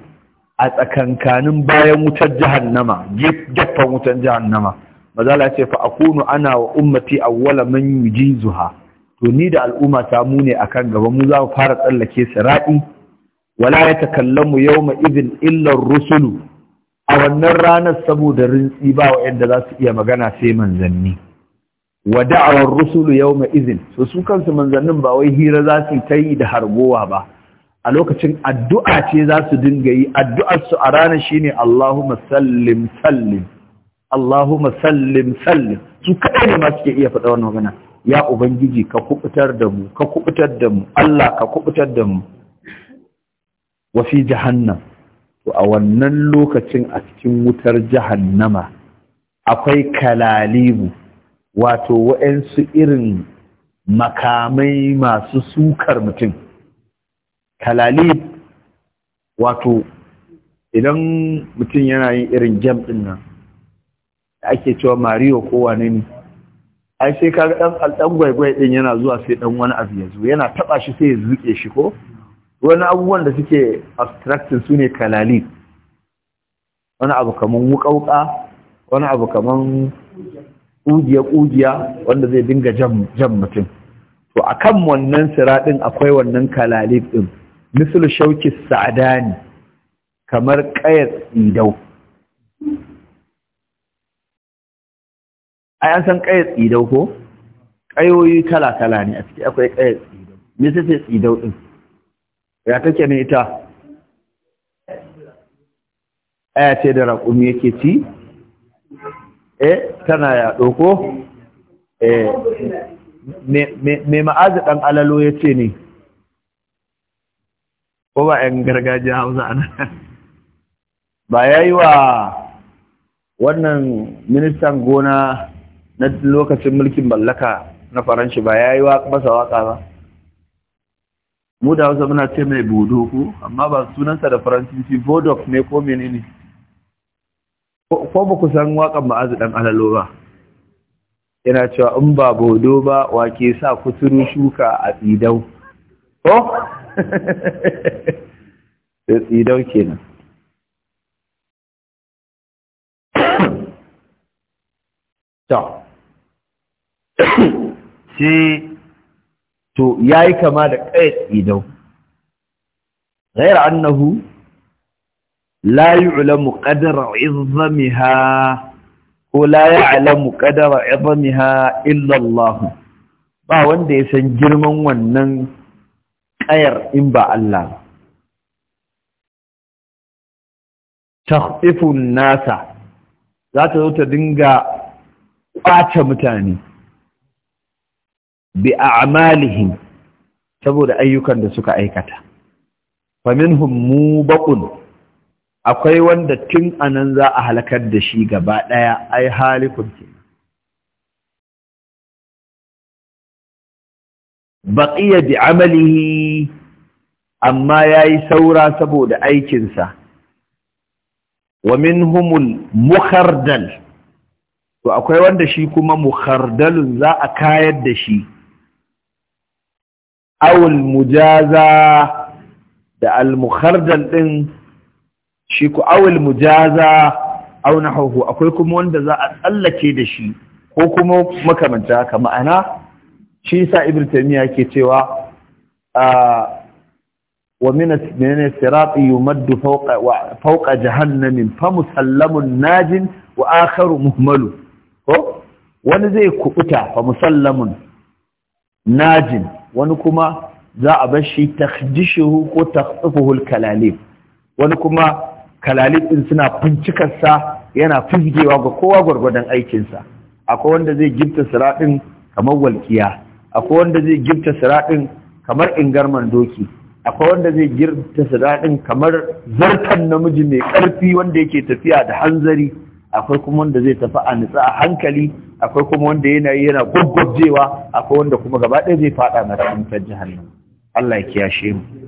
a tsakankanin bayan wutar jahannama gefen wutar jahannama mazala ce fa akunu ana wa ummati awwala man yujizuha to ni da al'umma ta mu ne kan gaba mu za mu fara tsallake siraɗi wala ya takallamu yawma izin illa rusulu a wannan ranar saboda rintsi ba wa'anda za su iya magana sai manzanni wa da'awar rusulu mai izin so su kansu manzannin ba wai hira za su ta yi da hargowa ba a lokacin addu'a ce za su dinga yi Addu'arsu a ranar shine Allahumma sallim sallim Allahumma sallim sallim su kadai ne masu ke iya faɗa wani magana ya ubangiji ka kubutar da mu ka kubutar da mu Allah ka kubutar da mu wafi to a wannan lokacin a cikin wutar jahannama akwai kalalibu wato wa'yansu irin makamai masu sukar mutum kalalib wato idan mutum yana yin irin jam ɗin nan da ake cewa mario kowane ne ai sai kaga ɗan ɗan gwaigwai ɗin yana zuwa sai ɗan wani abu ya zo yana taɓa shi sai ya zuke shi ko wani abubuwan da suke abstracting su ne kalali wani abu kaman wuƙauƙa wani abu kaman ƙugiya-ƙugiya wanda zai dinga jan mutum to a kan wannan siraɗin akwai wannan kalalif ɗin misal shauki sa'adani kamar ƙayar tsidau A yan san ƙayar tsidau ko ƙayoyi kala-kala ne a ciki akwai ƙayar tsidau me sai tsidau ɗin ya take ne ita aya ce da raƙumi yake ci E tana yaɗo ko eh me ma'azi ɗan alalo ya ce ne ko ba 'yan gargajiya hausa ana ba ya yi wa wannan ministan gona na lokacin mulkin mallaka na faranshi ba ya yi masa waka ba mu da hausa muna ce mai budo ko amma ba sunansa da faransanci ne ko menene ko ba ku san waƙan ma'azu ɗan alalo ba yana cewa in ba bodo ba wake sa kuturu shuka a tsidau ko? da tsidau kenan sai to ya yi kama da ƙaya tsidau غير annahu. la yu'lamu qadara izzamiha ko la ya'lamu qadara izzamiha illa Allah ba wanda ya san girman wannan ƙayar in ba Allah takhifun nasa za ta zo ta dinga kwace mutane bi a'malihim saboda ayyukan da suka aikata Fa faminhum mubaqun akwai wanda tun anan za a halakar da shi gaba ɗaya ai halikun ke baƙiya bi amalihi amma ya yi saura saboda aikinsa wa min humul mukhardal to akwai wanda shi kuma mukhardalun za a kayar da shi awul mujaza da al-mukhardal ɗin shi ku awil mujaza aw nahahu akwai kuma wanda za a tsallake da shi ko kuma makamanta haka ma'ana shi yasa ibnu taymiya yake cewa wa min menene sirat yumaddu fawqa wa fawqa jahannam fa musallamun najin wa akharu muhmalu ko wani zai kubuta fa musallamun najin wani kuma za a bar shi takhdishuhu ko takhsufuhu al-kalalib wani kuma kalalib din suna bincikarsa yana fizgewa ga kowa gwargwadon aikinsa akwai wanda zai gifta siraɗin kamar walkiya. akwai wanda zai gifta siraɗin kamar ingarman doki akwai wanda zai girta siraɗin kamar zartan namiji mai karfi wanda yake tafiya da hanzari akwai kuma wanda zai tafi a nutsa a hankali akwai kuma wanda yana yi yana gwaggwajewa akwai wanda kuma gaba ɗaya zai faɗa na ramin jihar nan Allah ya kiyashe mu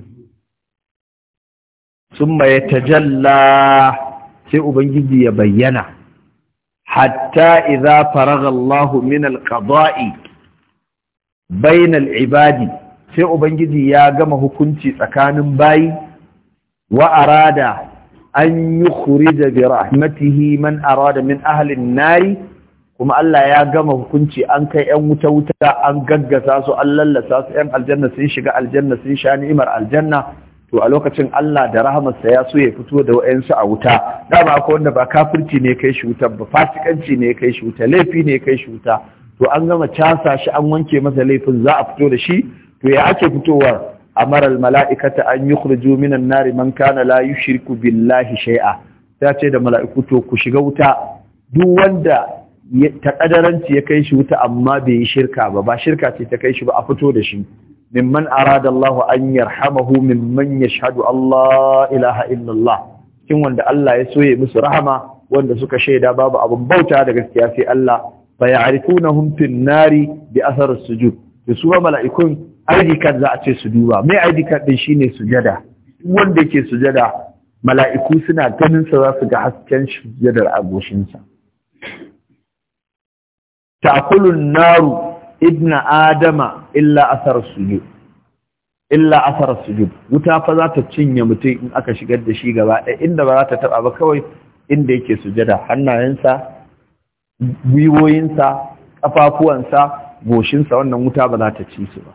sun ya tajalla sai ubangiji ya bayyana hatta iza faraga Allah min alqada'i bainal ibadi sai ubangiji ya gama hukunci tsakanin bayi wa arada an yukhrija bi rahmatihi man arada min ahalin an-nari kuma Allah ya gama hukunci an kai ‘yan wuta-wuta an gaggasa su an lallasa su ‘yan aljanna sun shiga aljanna sun sha ni'imar aljanna to a lokacin Allah da rahamarsa ya so ya fito da wayansu a wuta dama ko wanda ba kafirci ne kai shi wuta ba fasikanci ne kai shi wuta laifi ne kai shi wuta to an gama casa shi an wanke masa laifin za a fito da shi to ya ake fitowar amara mala'ikata an yukhriju minan nari man kana la yushriku billahi shay'a ta ce da mala'iku to ku shiga wuta duk wanda ta kadaranci ya kai shi wuta amma bai yi shirka ba ba shirka ce ta kai shi ba a fito da shi mimman arada Allah an yarhamahu mimman yashhadu Allah ilaha illallah kin wanda Allah ya soye musu rahama wanda suka shaida babu abin bauta da gaskiya sai Allah fa na fin nari bi athar as-sujud da su mala'ikun ID card za a ce su duba mai ID card din shine sujada wanda yake sujada mala'iku suna ganin sa za su ga hasken sujadar agoshin sa ta'kulun naru ibna adama illa asar sujud illa sujud wuta fa za ta cinye mutum in aka shigar da shi gaba ɗaya inda ba za ta taɓa ba kawai inda yake sujada hannayensa gwiwoyinsa ƙafafuwansa goshinsa wannan wuta ba za ta ci su ba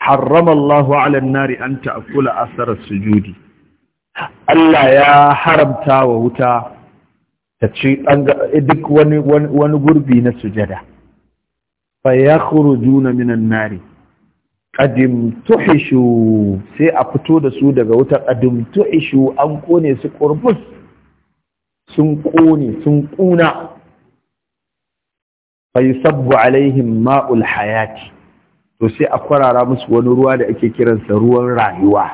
harrama Allahu ala nari an ta'kula asar sujudi Allah ya haramta wa wuta ta ci duk wani gurbi na sujada fa ya juna minan nari tuhishu sai a fito da su daga wuta. Ƙadimtu ishu an kone su ƙurbus, sun kone sun ƙuna fa yi sabbu alaihim ma'ul hayati to sai a kwarara musu wani ruwa da ake kiransa ruwan rayuwa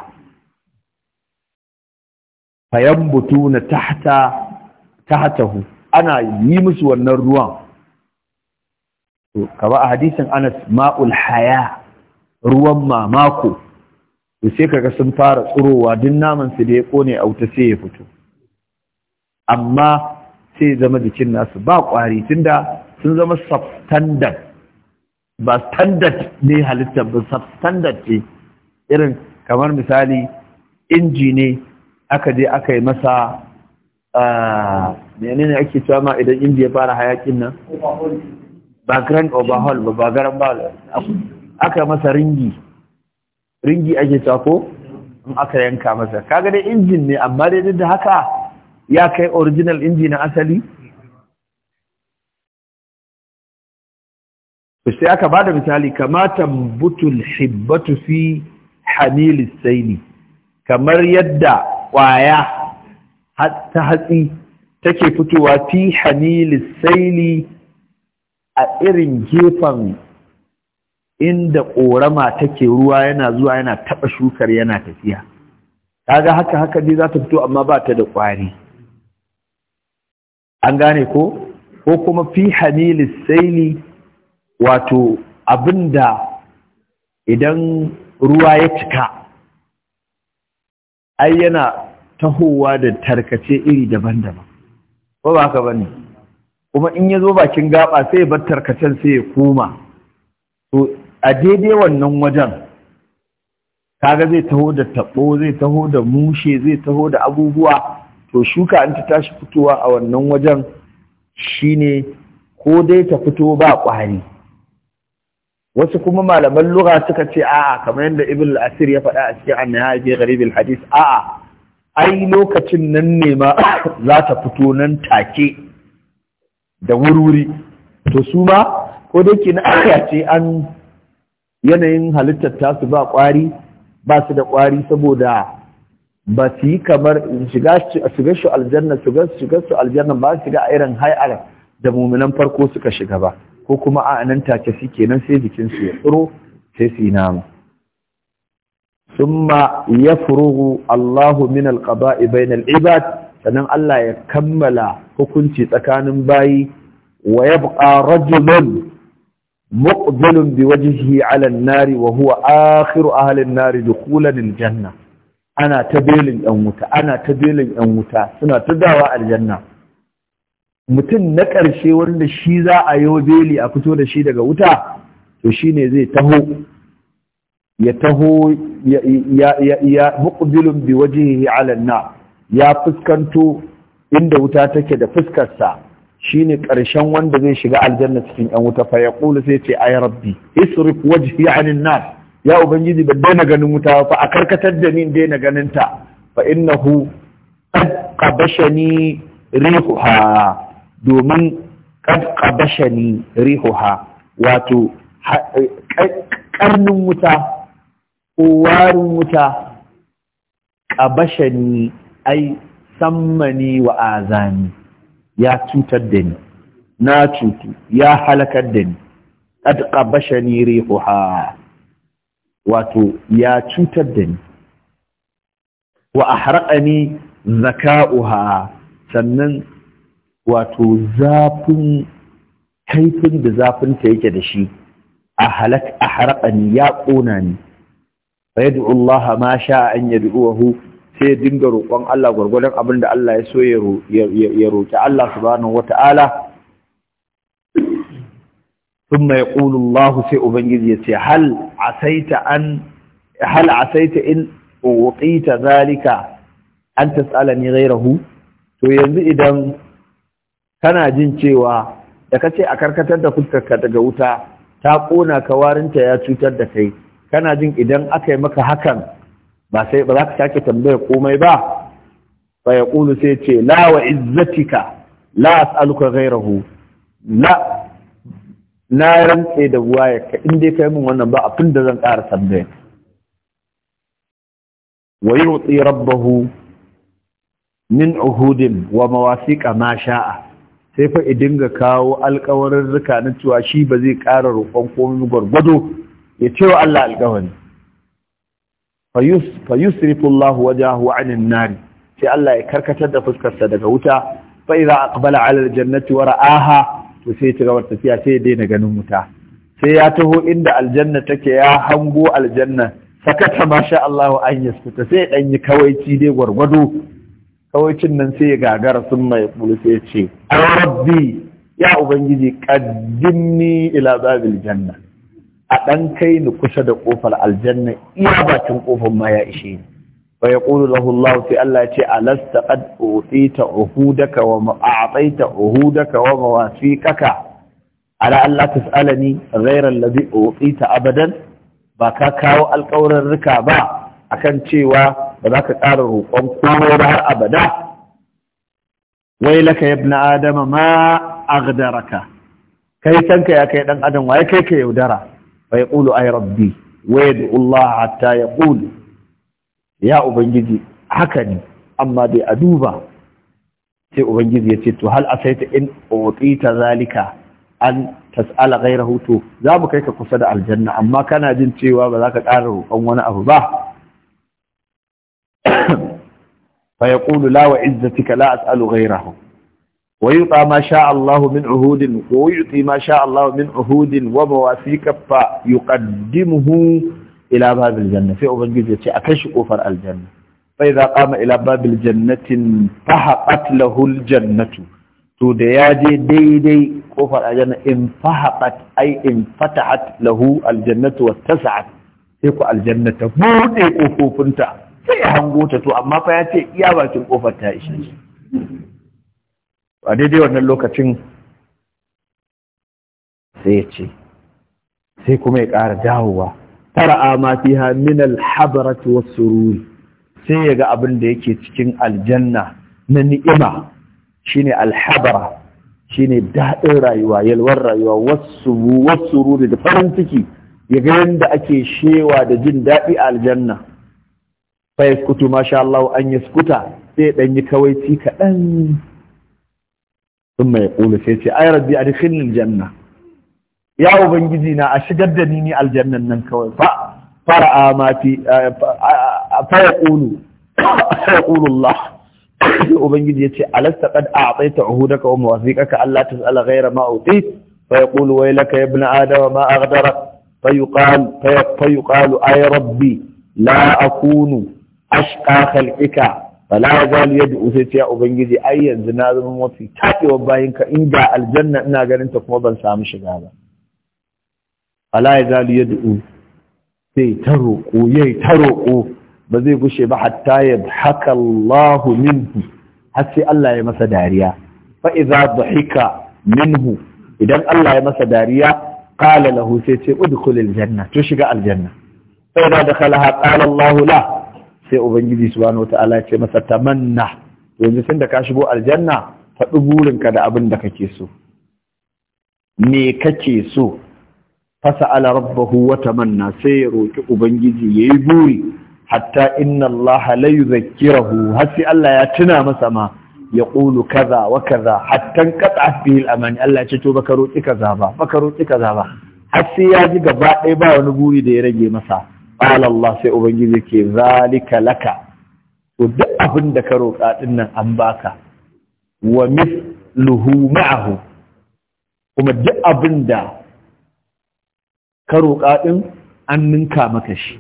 fayambutu na tahta tahtahu ana yi musu wannan ruwan to kaba a hadisin Anas ma'ul haya ruwan mamako to sai kaga sun fara tsurowa duk naman su da ya kone a wuta sai ya fito amma sai zama jikin nasu ba kwari tunda sun zama substandard ba standard ne halittar ba substandard ne. irin kamar misali inji ne aka je aka yi masa Ah, menene ake cewa ma idan inda ya fara hayakin nan ba grand overhaul ba ba aka masa ringi ringi ake cewa ko in aka yanka masa kaga dai injin ne amma dai duk da haka ya kai original inji na asali sai aka bada misali kamata butul hibbatu fi hamilis saini kamar yadda kwaya ta hatsi take fitowa fi hamilis saili a irin gefen inda ƙorama take ruwa yana zuwa yana taɓa shukar yana tafiya kaga haka haka dai za ta fito amma ba ta da ƙwari an gane ko ko kuma fi hamilis saili wato abinda idan ruwa ya cika ai yana tahowa da tarkace iri daban-daban ko ba ka bane kuma in ya zo bakin gaba sai ya bar tarkacen sai ya koma to a daidai wannan wajen kaga zai taho da tabo zai taho da mushe zai taho da abubuwa to shuka an ta tashi fitowa a wannan wajen shine ko dai ta fito ba ƙwari wasu kuma malaman lura suka ce a'a kamar yadda ibn al-asir ya faɗa a cikin annihaya fi hadith a'a ai lokacin nan ne ma za ta fito nan take da wurwuri to su ma ko da ke na aya ce an yanayin halittar tasu ba kwari ba su da kwari saboda ba su yi kamar shiga su aljanna shiga su aljanna ba su ga irin hai'ar da muminan farko suka shiga ba ko kuma a nan take su kenan sai jikinsu ya tsoro sai su yi nama summa yafruhu Allahu min alqaba'i bainal ibad sannan Allah ya kammala hukunci tsakanin bayi wa yabqa rajulun muqbilun biwajhihi 'ala an-nari wa huwa akhiru ahalin nari da al-janna ana ta belin ɗan wuta ana ta belin ɗan wuta suna ta dawa aljanna mutum na ƙarshe wanda shi za a yi beli a fito da shi daga wuta to shine zai taho ya taho ya muqbilun bi wajhihi ala na ya fuskanto inda wuta take da fuskarsa shine ƙarshen wanda zai shiga aljanna cikin yan wuta fa ƙula sai ce ay rabbi isrif wajhi anin nas ya ubangiji ban daina ganin wuta ba fa a karkatar da ni daina ganin ta fa innahu qad qabashani rihuha domin qad qabashani rihuha wato karnin wuta ko warin wuta bashani ai sammani wa azani ya cutar da ni na cutu ya halakar da ni qad qabashani rihuha wato ya cutar da ni wa ahraqani zaka'uha sannan wato zafin kaifin da zafin ta yake da shi a halak ahraqani ya kona ni fa yad'u Allah ma sha'a an yad'uhu sai dinga roƙon Allah gwargwadon abin da Allah ya so ya roƙi Allah subhanahu wata'ala thumma yaqulu Allah sai ubangiji ya ce hal asaita an hal asaita in uqita zalika an tas'alani ghayrahu to yanzu idan kana jin cewa da kace a karkatar da fuskarka daga wuta ta ƙona ka warinta ya cutar da kai kana jin idan aka yi maka hakan ba sai ba za ka sake tambaya komai ba fa ya kulu sai ce la wa izzatika la as'aluka ghayrahu la na rantse da waye ka in dai kai min wannan ba abin da zan ƙara tambaya wa yuti rabbahu min uhudin wa mawasiqa ma sha'a sai fa idinga kawo alƙawarin rika na cewa shi ba zai ƙara roƙon komai gwargwado ya ce wa Allah alƙawari fa yusrifu Allah wajahu anin nari sai Allah ya karkatar da fuskarsa daga wuta fa idza aqbala ala aljannati wa ra'aha to sai ta gawar tafiya sai ya daina ganin wuta sai ya taho inda aljanna take ya hango aljanna sakata masha Allah an yaskuta sai dan yi kawaici dai gwargwado kawaicin nan sai ya gagara sun mai bulu sai ya ce rabbi ya ubangiji qaddimni ila babil janna a ɗan kai ni kusa da ƙofar aljanna iya bakin ƙofar ma ya ishe ni wa ya lahu Allah sai Allah ce alasta qad utita uhudaka wa a'taita uhudaka wa ala Allah tas'alani ghayra alladhi utita abadan ba ka kawo alƙawarin rika ba akan cewa ba za ka ƙara roƙon kowa ba har abada wai laka adama ma aghdaraka kai kanka ya kai dan adam waye kai ka yaudara فيقول أي ربي ويدعو الله حتى ya يا أبنجدي حكني أما دي أدوبة sai ubangiji ya ce to har asaita in ta zalika an tas'ala ghayrahu to za mu kai ka kusa da aljanna amma kana jin cewa ba za ka ƙara roƙon wani abu ba fa yaqulu la wa izzatika la as'alu ghayrahu ويعطى ما شاء الله من عهود ويعطي ما شاء الله من عهود ومواثيق فيقدمه إلى باب الجنة في أبنجي أكش قفر الجنة فإذا قام إلى باب الجنة فحقت له الجنة تو دي دي قفر الجنة فحقت أي انفتحت له الجنة واتسعت تيكو الجنة بودي قفوف انت sai ya hango ta to amma fa a daidai wannan lokacin sai ya ce sai kuma ya ƙara dawowa tara ma haminal habarat wasu ruri, sai ya ga abin da yake cikin aljanna na ni'ima shine alhabara shine daɗin rayuwa yalwar rayuwa wasu wasururi da farin ciki ya ga yadda ake shewa da jin daɗi a aljanna fa yaskutu masha Allah an yaskuta sai ɗan yi kawaici kaɗan ثم يقول سيتي اي ربي ادخلني الجنه يا وبنجدي نا اشجد دنيني الجنه نن كوي فرأى ما في آه، آه، آه، فيقول يقول الله وبنجدي يتي الا قد اعطيت عهودك ومواثيقك الا تسال غير ما اعطيت فيقول ويلك يا ابن ادم ما اغدرك فيقال فيقال اي ربي لا اكون اشقى خلقك fala zal yad'u sai ya ubangiji ai yanzu na zama mafi takewa bayan ka inda aljanna ina ganin ta kuma ban samu shiga ba fala zal yad'u sai ta roƙo ba zai gushe ba hatta yadhaka Allah minhu har sai Allah ya masa dariya fa idza dhahika minhu idan Allah ya masa dariya ƙala lahu sai ce udkhulil janna to shiga aljanna fa idza dakhalaha qala Allah la sai ubangiji subhanahu wataala ya ce masa tamanna yanzu tunda ka shigo aljanna faɗi burinka da abin da kake so me kake so Fasa ala rabbahu wata manna. sai ya roki ubangiji yayi buri hatta inna Allah la yudhakkirahu rahu. Hasi Allah ya tuna masa ma ya qulu kaza wa kaza hatta qata fi al-amani Allah ya ce to baka roki kaza ba baka roki kaza ba Hasi ya ji gaba ɗaya ba wani buri da ya rage masa qala Allah sai ubangiji ke zalika laka to duk abin da ka roƙa din nan an baka wa mithluhu ma'ahu kuma duk abin da ka roƙa din an ninka maka shi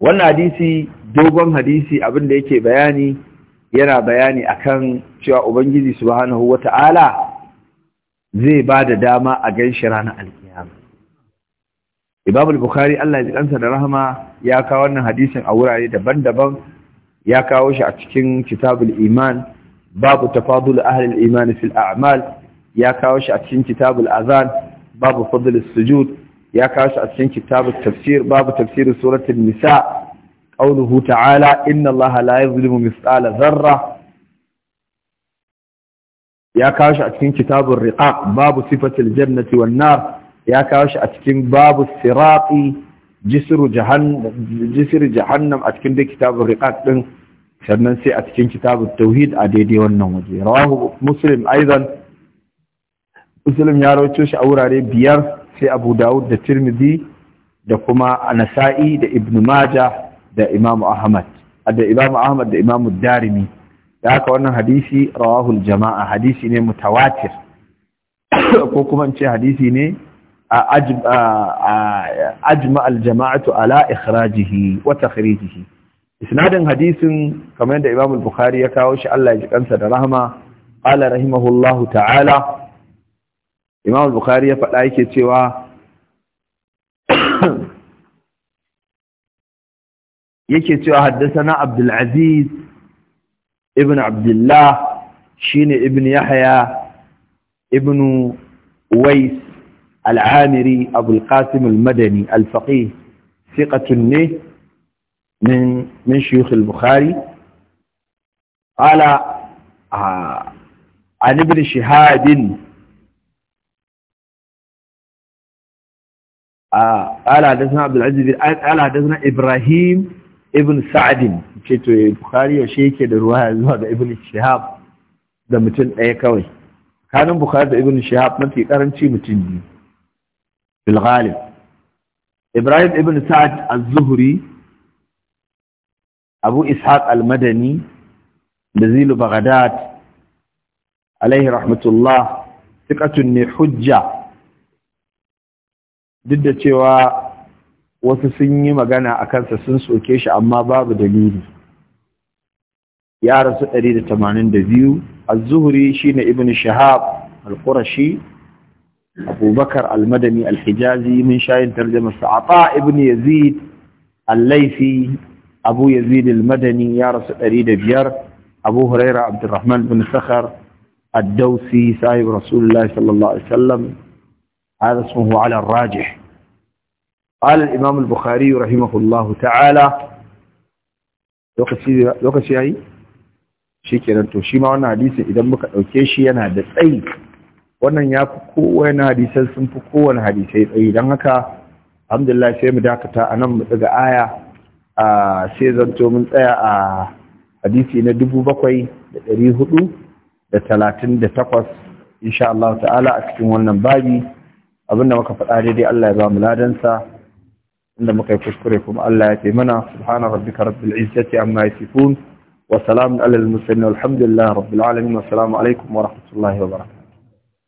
wannan hadisi dogon hadisi abin da yake bayani yana bayani akan cewa ubangiji subhanahu wata'ala zai ba da dama a gan shi ranar alkiyama imam bukhari Allah ya ji da rahama ya kawo wannan hadisin a wurare daban-daban ya kawo shi a cikin kitabul iman babu tafadul ahli iman fil a'mal ya kawo shi a cikin kitabul azan babu fadl sujud ya kawo shi a cikin kitabul tafsir babu tafsir suratul nisa qawluhu ta'ala inna allaha la yuzlimu mithqala dharra ya kawo shi a cikin kitabun riƙa babu Sifatul jannati wan nar ya kawo shi a cikin babu sirati jisru jahannam jisru jahannam a cikin kitabun riqaq din sannan sai a cikin kitabun tauhid a daidai wannan waje rawahu muslim aidan muslim ya rawaito shi a wurare biyar sai abu dawud da tirmidhi da kuma nasa'i da ibn majah da imam ahmad da imam ahmad da imam darimi da haka wannan hadisi rawahul jama'a hadisi ne mutawatir ko kuma ce hadisi ne ajma al-jama'atu ala ikhrajihi wa takhrijihi isnadin hadisin kamar yadda Imam al-Bukhari ya kawo shi Allah ya ji kansa da rahama qala rahimahullahu ta'ala Imam al-Bukhari ya faɗa yake cewa yake cewa haddathana Abdul Aziz ابن عبد الله شين ابن يحيى ابن ويس العامري أبو القاسم المدني الفقيه ثقة منه من من شيوخ البخاري قال آه، عن ابن شهاد آه، قال حدثنا عبد العزيز قال حدثنا ابراهيم ibn sa'adin ce to eh, bukari yaushe yake da ruwa ya zuwa ga ibn shihab da mutum ɗaya kawai kanin bukari da ibn shihab mafi karanci mutum biyu bil ibrahim ibn sa'ad az-zuhri abu ishaq al-madani da zilu baghdad alaihi rahmatullah thiqatun ne hujja duk da cewa wasu sun yi magana a kansa sun soke shi amma babu dalili ya rasu 182 az-zuhri shine ibn shahab al-qurashi abubakar al-madani al-hijazi min shayin tarjama sa'ata ibn yazid al laifi abu yazid al-madani ya rasu 105 abu huraira abdurrahman bin sakhar ad-dawsi sahib rasulullah sallallahu alaihi هذا اسمه على الراجح قال الإمام البخاري رحمه الله تعالى lokaci shi kenan to shi ma wannan hadisin idan muka ɗauke shi yana da tsayi wannan ya fi kowane hadisan sun fi kowane hadisai tsayi dan haka alhamdulillah sai mu dakata a nan mu ɗaga aya a sai zanto mun tsaya a hadisi na dubu bakwai da ɗari hudu da talatin da takwas insha Allah ta'ala a cikin wannan babi abinda muka faɗa daidai Allah ya ba mu ladansa inda muka yi kuskure kuma Allah ya ce mana subhana rabbika rabbil izzati amma yasifun wa salamun alal mursalin walhamdulillahi rabbil alamin wa assalamu alaikum wa rahmatullahi wa barakatuh